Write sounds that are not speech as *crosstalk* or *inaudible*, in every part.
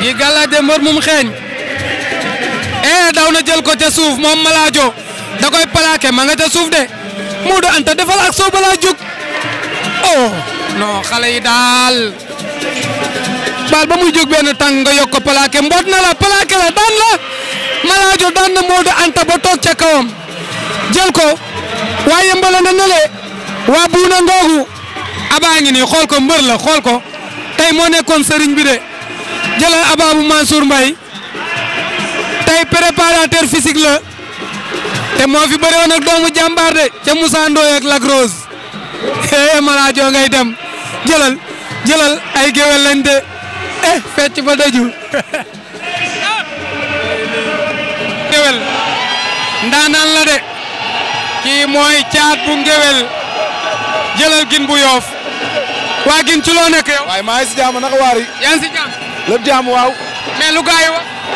ngi gàllaade mbër mum xeeñ ee eh, daw na jël ko ca suuf moom malaajo da koy plaqué ma nga ca suuf de Modou Anta defal ak soo balaa jóg oh xale yi daal baal ba muy jóg benn tàng nga yokk ko mboot na la plaqué la daan la malaajo daan na Modou Anta ba toog ca kawam jël ko waaye mbala na ne le waa buuna ngoogu abaa ngi nii xool ko mbër la xool ko tey moo sëriñ bi de jëlal abaa bu Mansour Mbaye tey préparateur physique la te moo fi bëre woon doomu jàmbaar de ca Moussa Ndoye ak Lac Rose eh Maladio ngay dem jëlal jëlal ay géwél lañ de eh fecc ba daju géwél ndaanaan la de kii mooy caat bu ngéwél dalal gin bu yoof waa gin ci loo nekk yow. waaye maa ngi si jàmm naka waar yi. yaa ngi waaw. mais lu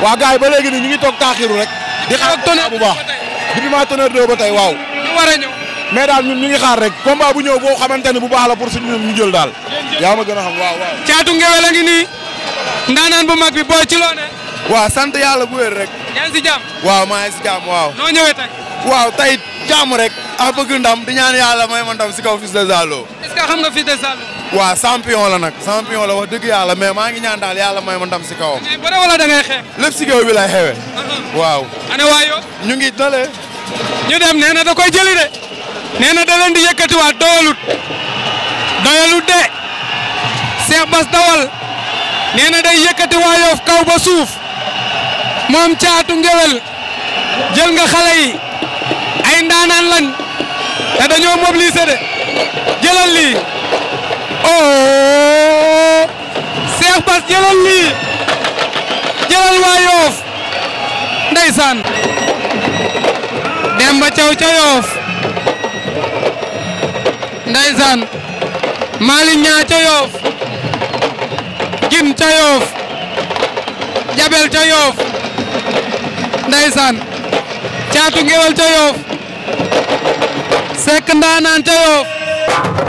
waa gars yi ba léegi nii ñu ngi toog taaxiru rek. di bu doo ba tey waaw. ñu war a ñëw. mais daal ñun ñu ngi xaar rek. combat bu ñëw boo xamante ne bu baax la pour suñu ñu jël daal. yaa ma gën a xam waaw waaw. caatu a ngi nii. ndaanaan bu mag bi booy ci loo ne. waaw sant yàlla bu wér rek. yaa ngi si jàmm. waaw maa ngi rek a ah, bëgg ndam di ñaan yàlla may ma ndam si kaw Fils de Zalo. est-ce la nag champion la wax dëgg yàlla mais maa ngi ñaan daal yàlla may ma ndam si kawam. mais bëre uh-huh. waaw. ana waa yow. ñu ñu dem nee na jëli de. nee na di yëkkatiwaat doyalut. doyalut de. Cheikh Bass dawal. nee na day kaw ba moom caatu ngewel. jël nga xale yi. ay ndaanaan lañ. dañoo mobiliser de jëlal lii oh Cheikh Bass jëlal lii jëlal waa Yoof ndeysaan Demba Thiaw ca Yoof ndeysaan Malick Niang ca Yoof Gim ca Yoof Jabel ca Yoof ndeysaan Caatu Ngewel ca Yoof Seck ndaanaan ca Yoff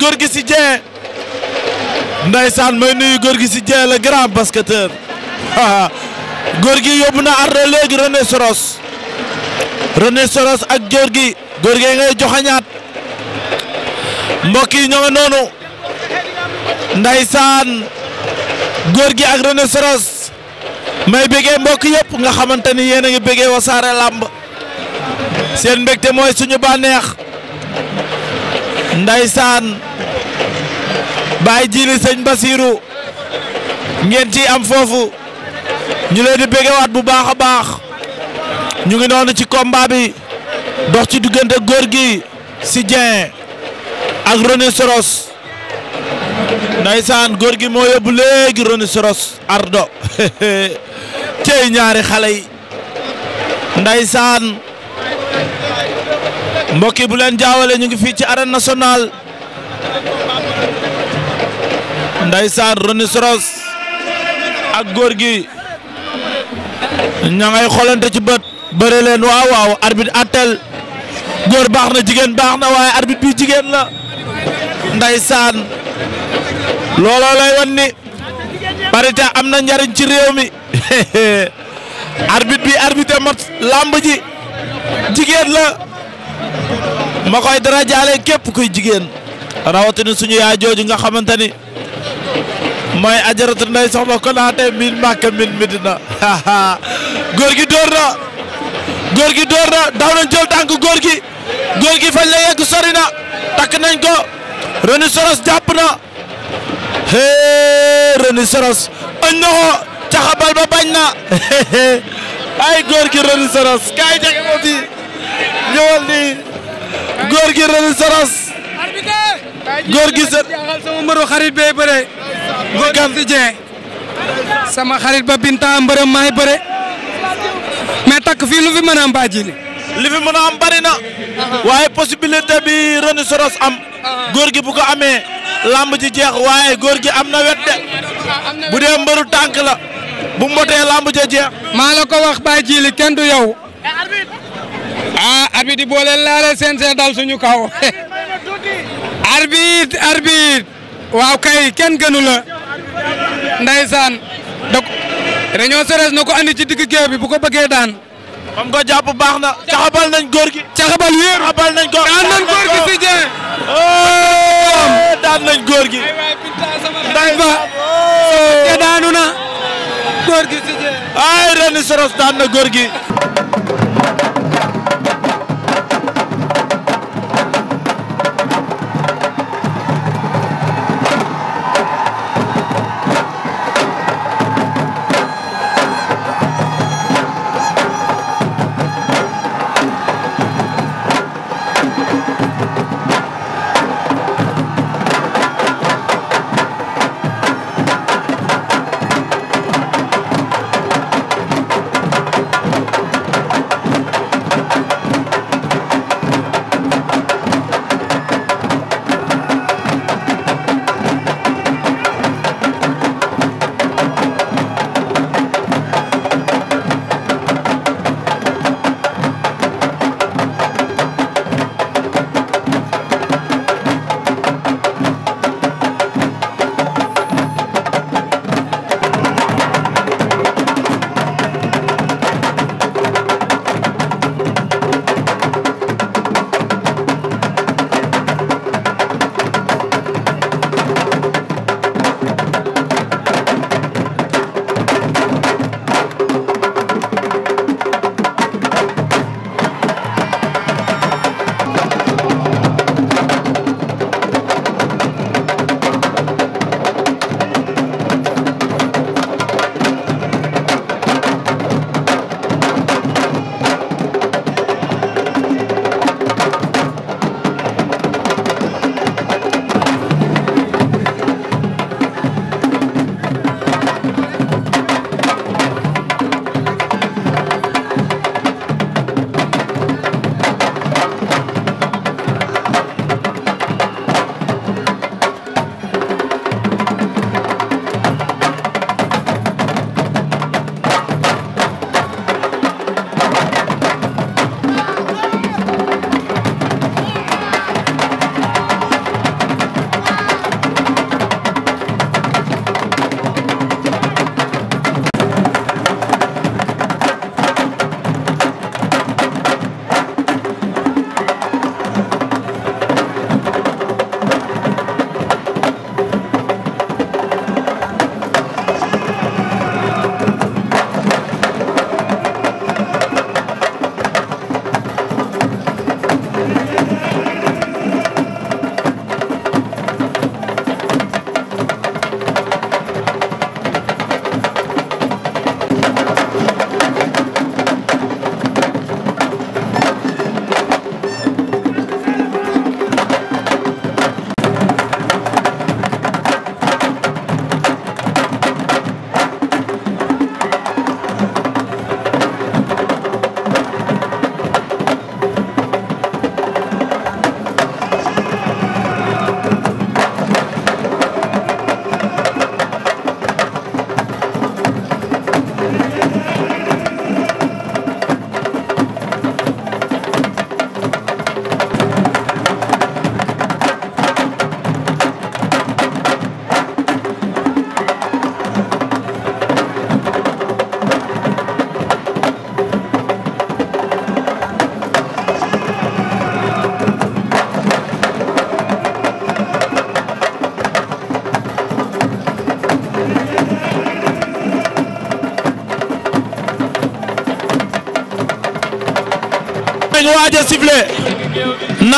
góor gi si jee ndeysaan may nuyu góor gi ci jee le grand basketteur *laughs* góor gi yóbbu na ardo léegi René Soros René ak góor gi góor gi ngay joxañaat mbokk yi ñoo nga noonu ndeysaan góor gi ak René Soros may bëggee mbokk yëpp nga xamante ni yéen a ngi bëggee wasaare làmb seen mbégte mooy suñu bànneex Ndeysaan Baye Djili sëñ Basirou ngeen ciy am foofu ñu leen di bégewaat bu baax a baax ñu ngi noonu ci combat dox ci diggante góor gi si Dieng ak René Soros Ndeysaan góor gi moo yóbbu léegi René Ardo *laughs* cey ñaari xale yi mbokk bu leen jaawale ñu ngi fii ci arène nationale ndaysaan Roni Soros ak góor gi ña ngay xoolante ci bët bëre waaw waaw arbitre attel góor baax na jigéen baax na waaye arbitre bi jigéen la ndaysaan looloo lay wan ni am na njariñ ci réew mi *laughs* arbitre bi arbitre mat làmb ji jigéen la ma koy dara jaale képp kuy jigéen rawatina suñu yaay jooju nga xamante ni mooy ajaratu nday soxna Konaté min Màkka min Medina *laughs* góor gi door na góor gi door na daw nañ jël tànk góor gi góor gi fañ la yegg sori na takk nañ ko Reni Soros na hee Reni añ na ko caxabal ba bañ na *laughs* ay góor gi Reni Soros kaay jege ko ñëwal nii góor gi résistance góor gi sa jaaxal sama mbëru xarit bee bëre góor gi sama xarit ba Binta mbërëm maay bëre mais takk fii lu fi mën a am baaji li fi mën a am bari na waaye possibilité bi renosoros am góor gi bu ko amee lamb ji jeex waaye góor gi am na wet de bu dee mbëru tànk la bu mbotee lamb ja jeex maa la ko wax baaji li kenn du yow ah arbitre boo leen laalee seen seen dal suñu kaw *laughs* arbitre arbitre waaw kay kenn gënu la ndeysaan da Réunion Sérès na ko andi ci digg géew bi bu ko bëggee daan bam ko jàpp baax na caxabal nañ góor gi caxabal wéer caxabal nañ ko daan nañ góor gi si jeen daan nañ góor gi ndayba daanu na góor si jeen ay Réunion daan na góor gi Thank you.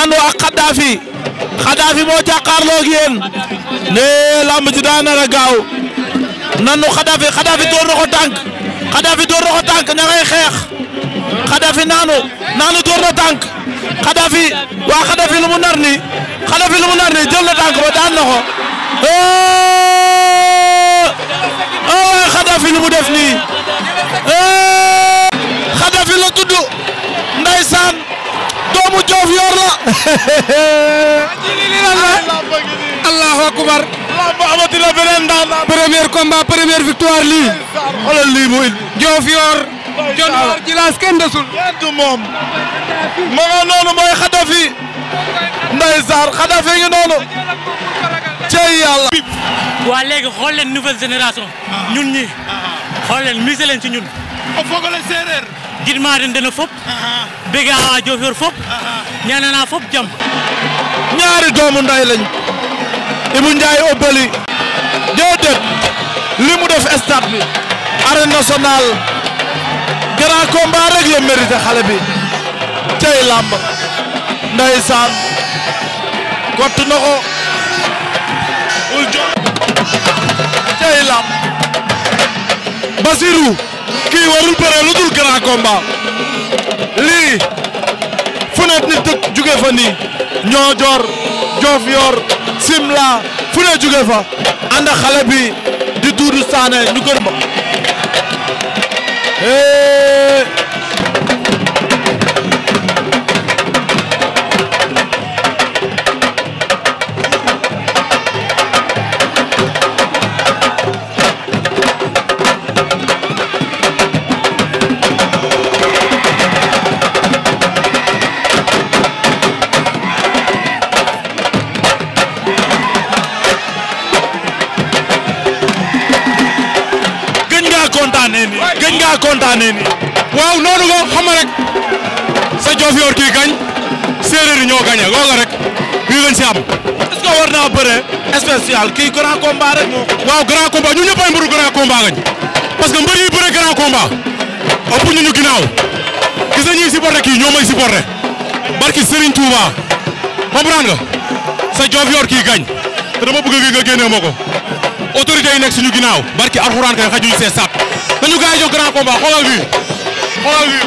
àndandoo ak Xaddaafi Xaddaafi moo jàkkaarloo ak yéen nee làmb ji daa nar a gaaw nanu Xaddaafi Xaddaafi door na ko tànk Xaddaafi door na ko tànk ña ngay naanu naanu door na tànk Xaddaafi waa Xaddaafi lu mu nar nii lu mu nar nii jël ba daan na ko waaw Xaddaafi lu mu def nii Xaddaafi la tudd ndeysaan doomu Joof yor la. allahu akbar. amatina beneen ndaan. premier combat première victoire lii. xoolal lii muy. Joof yor. John Waar Jilaas kenn desul. kenn moom. ma nga noonu mooy Xadafi. ndeysaan Xadafi ngi noonu. cey yàlla. waa léegi xool leen nouvelle génération. ñun ñi xool leen mise leen ci ñun. gidma den fop bege a Diofior fop ñaanana fop jam ñaari doomu nday lañ Ibou Ndiaye Obali déedéet li mu def stade bi arène nationale grand combat rek la mérité xale bi cey làmb ndeysaan kott na ko ul jo cey làmb Basirou kii warul bëre lu dul grand combat lii fu ne nit dëkk jóge fa nii ñoo joor joof yor simla fu fa ànd xale bi di duudu saane ñu gën ba ngaa kontaanee nii. waaw noonu nga xam rek sa Diofior kii gañ séeréer ñoo gañe loolu rek bii lañ si am. est-ce war naa bëre spécial kii grand combat rek moo. waaw grand combat ñun ñëpp ay mbëru grand gañ parce que mbër yi bëre grand combat ëpp ñu ñu ginnaaw gis nga ñuy supporté kii ñoo may supporté barki Serigne Touba comprendre nga sa Diofior kii gañ te dama bëgg nga génnee ma ko autorité nekk suñu ginnaaw barki alxuraan kay xajuñ see sàpp. nañu gars yi jox grand combat xoolal bi xoolal bi.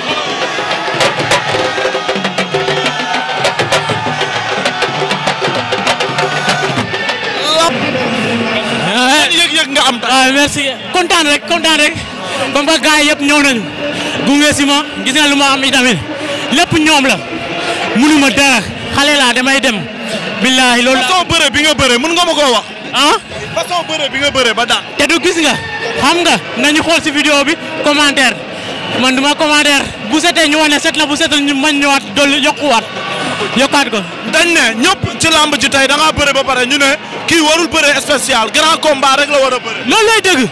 Eh, yëg nga am. Ah, merci kontaan rek kontaan rek comme que gars yëpp ñëw nañu gunge si ma gis nga lu ma am itamit lépp ñoom la munu ma dara xale laa damay dem. billahi loolu façon bëre bi nga bëre mën nga ma koo wax. ah façon bëre bi nga bëre ba daan. te du gis nga. xam nga nañu xool si vidéo bi commentaire man duma commentaire bu setee ñu wane set na bu setul ñu mën ñëwaat dolli yokkuwaat yokkaat ko. dañ ne ñëpp ci lamb ji tey da ngaa ba pare ñu ne kii warul bëre spécial grand combat rek la war a bëre. loolu lay dëgg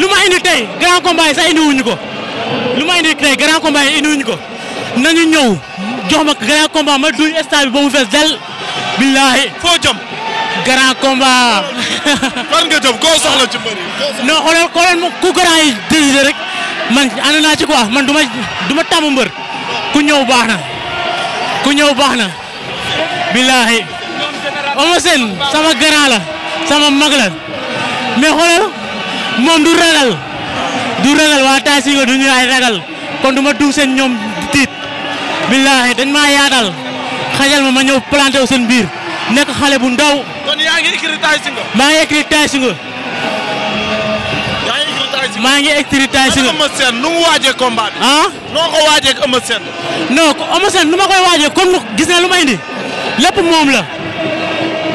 lu ma indi tey grand combat yi sax indiwuñu ko lu ma indi tey grand combat yi indiwuñu ko nañu ñëw jox ma grand combat ma duy stade bi ba mu fees del billaahi foo jëm. grand combat. fan nga jëm koo ku grand yi dirigé rek man ànd naa ci man du ma du mbër. ku ñëw baax na. ku ñëw baax na. billahi. Eumeu Sène sama grand la. sama mag la. mais xoolal moom du ragal. du ragal waa Tay du ñu ay ragal. kon du dug seen ñoom tiit. billahi dañ maa yaatal. xajal ma ma ñëw planté wu seen biir. nekk xale bu ndaw. kon maa ngi écrit taay si nga. yaa ngi écrit taay si nga. maa ngi écrit nu mu waajee combat bi. Ah? noo ko waajee ak Eumeu ma koy waajee comme gis na lu ma indi lépp moom la.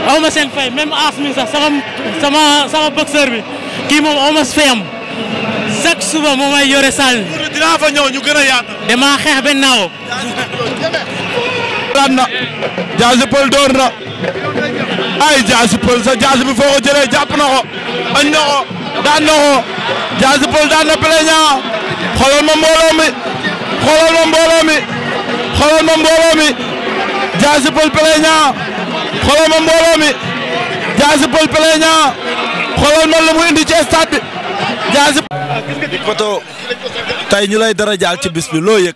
aw ma seen fay même as mi sax sama sama sama bi kii moom aw ma fayam chaque suba moo may yore saal. dinaa fa ñëw ñu gën a yaatu. damaa xeex benn naaw. daan na. pël door na. ay Diassy Peulh sa Diassy bi foo ko jëlee jàpp na ko añ na daan na ko Diassy Peulh daan na Plaignant xoolal ma ma mbooloo mi ma mbooloo mi Diassy Peulh Plaignant xoolal ma mbooloo mi Diassy Peulh Plaignant xoolal ma lu mu indi ci stade bi Diassy Peulh. Pato tey ñu lay dara jaal ci bis bi loo yëg.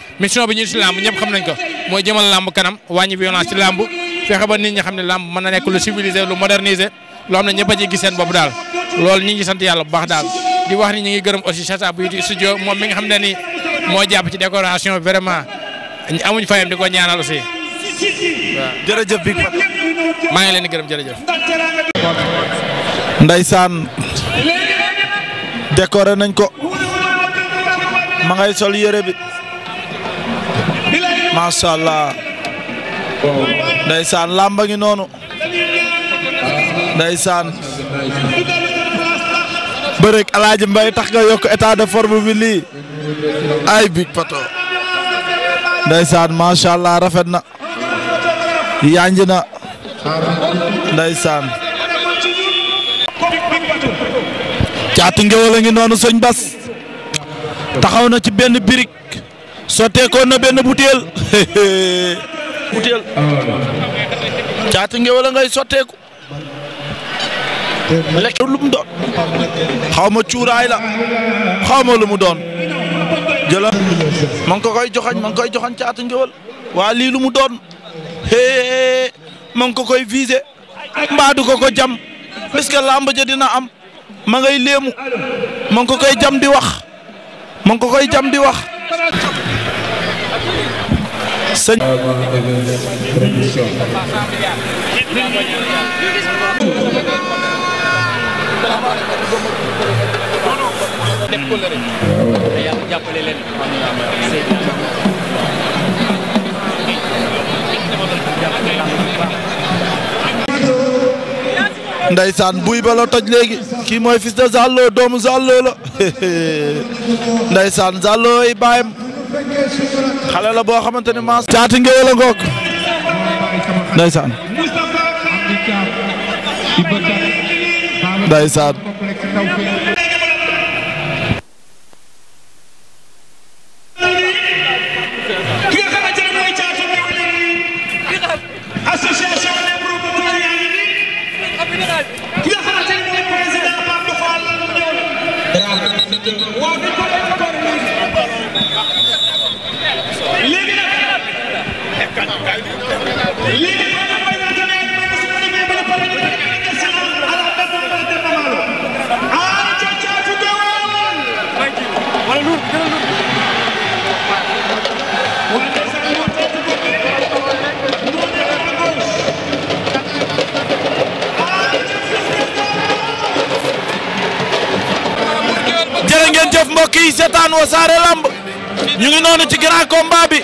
mission bi ñu ci làmb ñëpp xam nañ ko mooy jëmal làmb kanam wàññi violence ci làmb fexe ba nit ñi xam ne làmb mën na nekk lu civilisé lu modernisé loo xam ne ñëpp a ci bopp daal loolu ñu ngi sant yalla bu baax daal di wax ni ñu ngi gërëm aussi Chacha Beauty Studio moom mi nga xam ne ni moo jàpp ci décoration vraiment amuñ fayam di ko ñaanal aussi waaw. jërëjëf Big Pato maa ngi leen di gërëm jërëjëf. Ndeysaan décoré nañ ko ma ngay sol yére bi. macha allah ndeysaan làmba ngi noonu ndeysaan bërek alaaji mbay tax ga yokk état de forme bi lii ay big pato ndeysaan macha allah rafet na yanj na ndeysaan caatu ngewal ngi noonu sëñ bas taxaw na ci benn birik sotteekoon na benn butéel butéel *laughs* caatu ngéwél a ngay sotteeku lekk lu mu ma cuuraay la xaw ma lu mu doon jëla ma ngi ko koy joxañ ma ngi koy joxañ caatu ngéwél wa lii lu mu doon hee ko koy visé mbaa du ko ko jam puisque làmb ja dina am ma ngay léemu ma ko koy jam di wax ma ngi ko koy jam di wax sëñ buy ba toj léegi kii mooy fils de doomu Zallo la *laughs* Ndeysaan Zallo ay baayam xale la boo xamante ni maas. caati ngéwél a jërë ngeen jëf mbokk yi seetaan Wassare Lamb ñu ngi noonu ci grand combat bi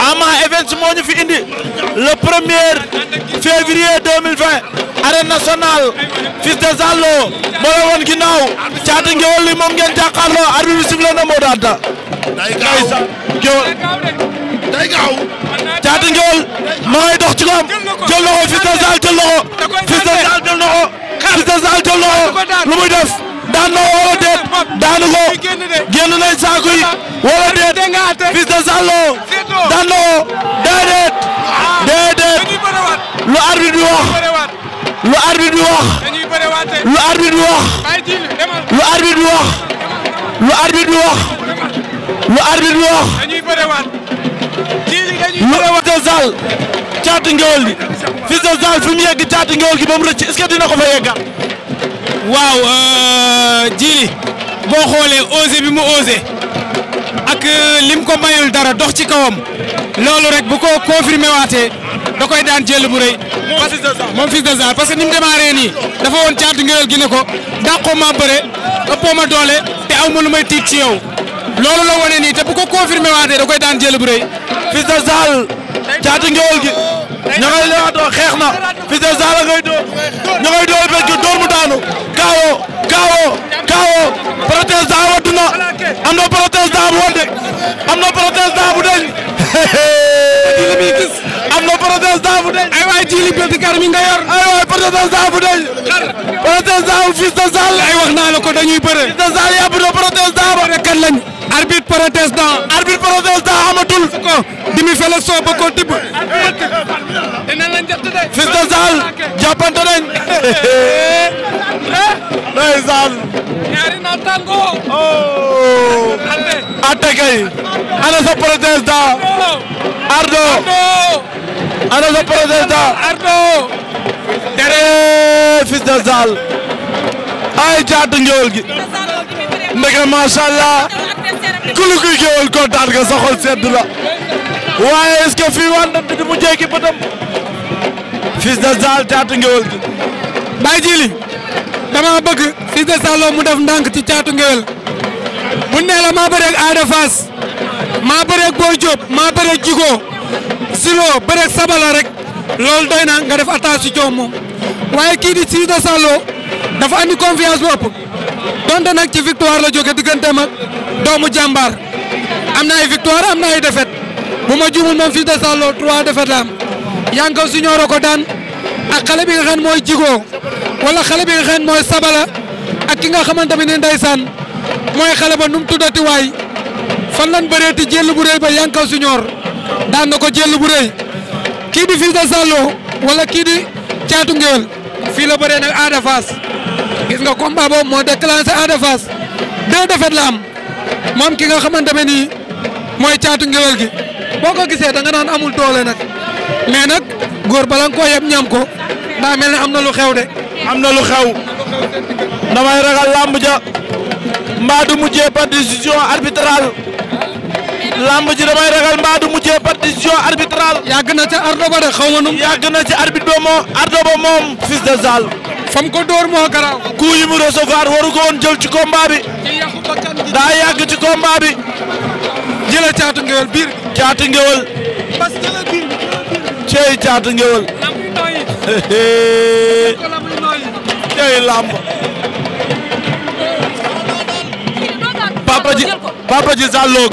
Ama Events moo fi indi le premier février arène nationale Fils de Zalo moo la woon ginnaaw Caatu li moom ngeen jàkkaarloo arbitre bi sifflé na moo daan da day gaaw ma ngay dox ci koom jël na ko de Zalo jël na ko de Zalo jël na lu muy def daan na wala déet daanu ko génn nañ saako yi wala déet Fils de Zalo daan na ko déedéet ah. déedéet lu arbitre bi wax lu arbitre wax lu arbitre wax lu arbitre wax lu arbitre wax lu arbitre wax lu Fils de Zal Caatu Ngéwél bi Fils de Zal fi mu yegg Caatu Ngéwél gi moom rëcc est-ce que dina ko fa yeggal waaw euh, jili boo xoolee osé bi mu osé ak euh, lim ko mayul dara dox ci kawam loolu rek bu ko confirmé waatee da koy daan jël bu moom fils de Zal parce que ni de démarré nii dafa woon caatu ngéwél gi ne ko dàqoo ma bëre ëppoo doole te aw ma lu may tiit ci yow loolu la wane te bu ko confirmé waatee da koy daan jël bu rëy. de Zal caatu ngéwél gi. ña ngay leewaatoo xeex na fils de Zal ngay dóor ña ngay dóor parce que dóor daanu kaawoo kaawoo kaawoo protestant wattu am na protestant bu am na protestant bu jiili na prothèse daabu de ay waay jiili bébé kar mi nga yor ay waay la ko dañuy bëre fils de Zal yàpp na prothèse daabu rek kan lañ arbitre prothèse da arbitre prothèse ko dimi fele soo ba ko tibb fils de Zal jàppante nañ *laughs* atte kay ana sa président Ardo ana sa président Ardo tere fils de ay jaatu njool gi ndeke macha allah ku lu kuy géwél kontaan nga sa la waaye est-ce fii wàllu bi di mu jéggi bëtam fils de Zal jaatu gi. Baye Djili dama bëgg fils de Zal mu def ndànk ci caatu ngewel bu ne la maa bëreeg Ada Fass maa bëreeg Boy Diop maa bëreeg Djigo Zilo bëreeg Sabala rek loolu doy na nga def attaque ci jom moom waaye kii di Sidy Salo dafa andi confiance bopp donte nag ci victoire la jóge diggante mag doomu jàmbaar am na ay victoire am na ay défaite bu ma juumul moom Sidy Salo trois défaites Yankaw Junior a ko daan ak xale bi nga xam mooy Djigo wala xale bi nga xam mooy Sabala ak ki nga xamante ne ndeysaan mooy xale ba nu mu tuddati waay fan lan bëreeti jël bu rëy ba Yankaw Junior daan na ko jël bu rëy kii di Fils de Zalo wala kii di Caatu Ngéwél fii la bëree nag Ada Fass gis nga combat boobu moo déclenché Ada Fass deux défaites la am moom ki nga xamante ne nii mooy Caatu Ngéwél gi boo ko gisee da nga amul doole nag mais nag góor bala nga koo yeb ñam ko daa mel ne am na lu xew de. am na lu xew damay ragal làmb ja. mbaa du mujjee par décision arbitrale lamb ji damay ragal mbaa du mujjee par décision na ca ardo de xaw ma nu. na ca arbitre moom ardo de Zal. fam ko door moo garaaw. coup yi mu recevoir ci combat bi. daa yàgg ci combat bi. jëlee caatu ngewel caatu ngewel. parce que caatu ngewel. *laughs* papa ji papa ji Zallo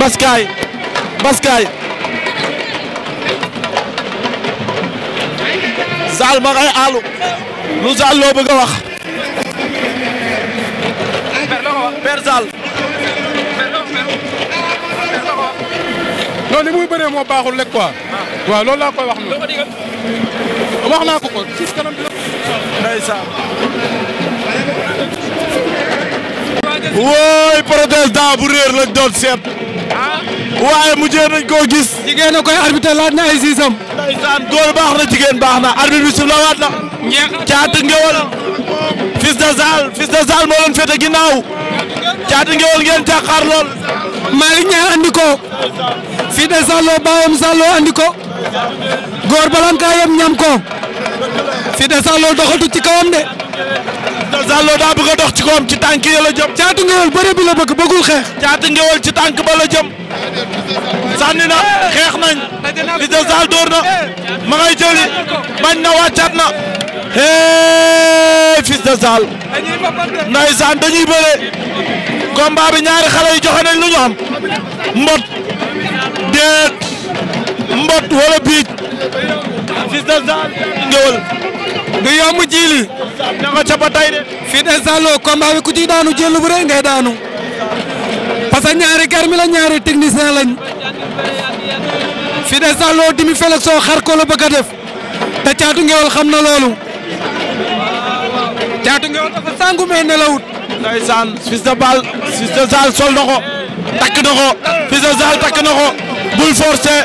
bas kaay bas kaay wooy protestant bu réer lañ doon seet. Ah. waaye mujjee nañ koo gis. jigéen a koy arbitre laaj na ay siisam. ndeysaan góor baax na jigéen baax na arbitre bi suuf la waat na. caatu ngewal. fils de Zal fils de Zal moo leen féete ginnaaw. caatu ngewal ngeen jàkkaar lool. Malick Niang andi ko. fils de Sallo baayam Sallo andi ko. góor balan ñam ko. fils de Sallo doxatu ci kawam de. Zallo daa bëgg a dox ci tànk yi la jëm. Caatu Ngéwél bëre bëgg bëggul xeex. Caatu Ngéwél ci tànk ba la jëm. na xeex nañ. Liss de Zale door na. ma ngay jëli. bañ na wàccaat na. hee Fils de Zale. ndeysaan bi ñaari xale yi joxe nañ lu ñu am. mbot. déet. mbot wala biit. Fils de Zale du yomb jiili. na nga ca ba tey de. fii de Saalum combat bi ku ci daanu jël bu rëy ngay daanu. parce que ñaari garmi la ñaari technicien lañ. fii de Saalum dimi felek soo xar ko la bëgg a def. te caatu ngewal xam na loolu. caatu dafa sangu mee nelawut. ndeysaan Fils de sol na ko. takk na ko bul forcer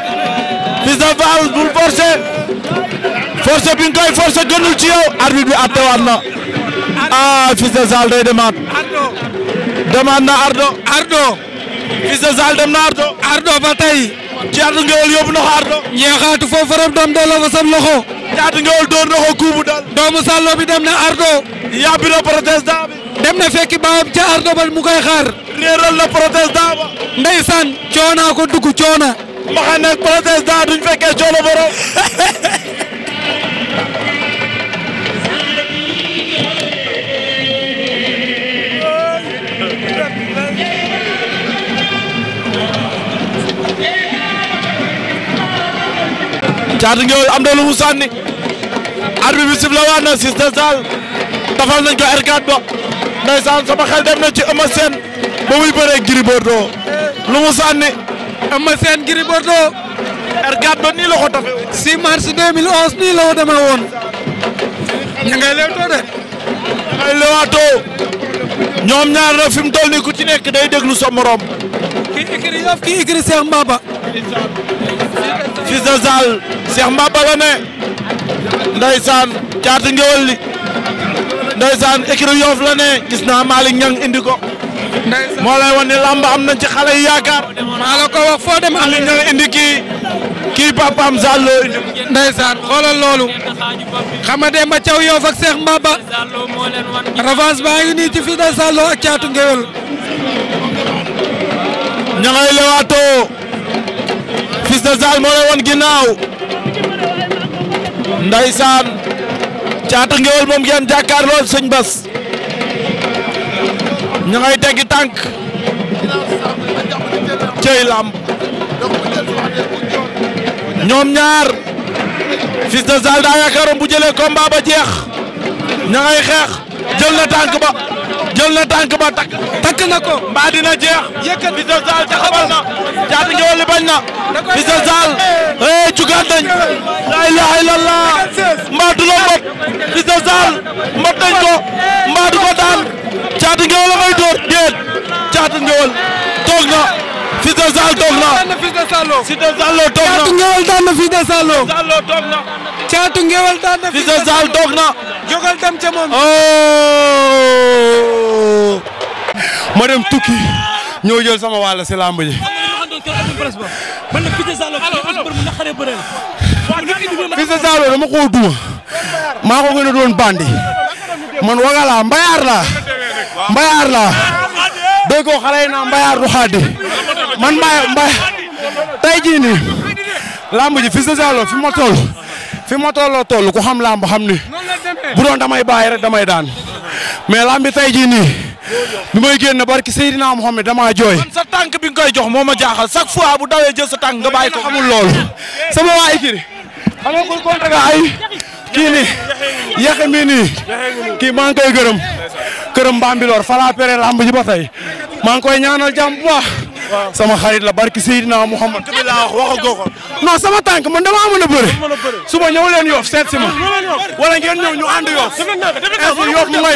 Fils de bul forcer. force bi nga koy force gënul ci yow arbitre bi attewaat na ah Fils de Zal day demaat demaat na Ardo Ardo Fils de Zal dem na Ardo Ardo ba tey Caatu Ngéwél yóbbu na ko Ardo ñeexaatu foofu rek doom delloo fa sam loxo Caatu Ngéwél door na ko kuubu dal doomu Sallo bi dem na Ardo yàbbi na protestant bi dem na fekki baayam ca Ardo ba mu koy xaar réeral na protestant ba ndeysaan coonaa ko dugg coona ma xam ne protestant duñ fekkee coono borom *laughs* Caatu Ngéwél am na lu mu sànni arbitre bi sifflé na Ciss de Sale tafal nañ ko R4 ba ndeysaan sama xel dem na ci Eumeu Sène ba muy bëree Gris Bordeaux lu mu sànni Eumeu Sène Gris ba nii la ko tafe mars nii la demee woon de ña ngay ñoom ñaar na fi mu toll nii ku ci nekk day déglu sa morom écrit Yoff kii écrit Cheikh Mbaba fils de Zal Cheikh Mbaba la ne ndeysaan caatu ngewel li ndeysaan écrit Yoff la ne gis naa Malick Niang indi ko moo lay wan ne am nañ ci xale yi yaakaar ko wax foo dem Malick Niang indi kii kii papaam Zal loo indi ndeysaan xoolal loolu xam nga Demba Thiaw Yoff ak Cheikh Mbaba baa ngi nii ci fils de Zal ak caatu ngewel ña ngay lewaatoo Fils de Zal moo lay woon ginnaaw ndaysaan caatu ngéwél moom ngeen jàkkaar lool sëñ Bas ña teggi tànk cey lamb ñoom ñaar Fils de Zal daa yaakaaroon bu jëlee combat ba jeex ña xeex jël na tànk ba jël na tànk ba takk takk na ko mbaa dina jeex yëkkati Fils de Zal taxawal na caatu ngeewal li bañ na Fils de Zal eh jugaat nañ la ilaha illallah mbaa du la mbot Fils de door déet caatu ngeewal toog na Fils de Zal toog na Caatu Ngewel daan na Fils de Zalo Zalo na Caatu daan na Fils Zal toog na jógal dem oh. dem tukki ñoo jël sama wàll si làmb ji Fils de Zalo dama koo duma maa ko gën a doon bandi man waga laa mbayaar laa mbayaar laa dégg ko xale yi mbayaar du man mbaay mbaay tey jii nii lamb ji Fils de Zalo fi ma toll fi ma tolloo toll ku xam lamb xam ni bu doon damay bàyyi rek damay daan mais lamb bi tey jii nii bi may génn barki Seydina Mohamed damaa jooy. sa tànk bi nga koy jox moo ma jaaxal chaque fois bu dawee jël sa tànk nga bàyyi ko. xamul loolu sama waa Ikiri xam nga kon kontaan ay kii nii yàq mi kii maa ngi koy gërëm kërëm Bambilor falaa pere lamb ji ba tey maa ngi koy ñaanal jàmm sama xarit la barki Seydina Mouhamad. dëgg la wax waxagoo ko. non sama tànk man damaa mën a bëre. suba ñëw leen yoof seet si ma. wala ngeen ñëw ñu ànd yoof. yoof mu may.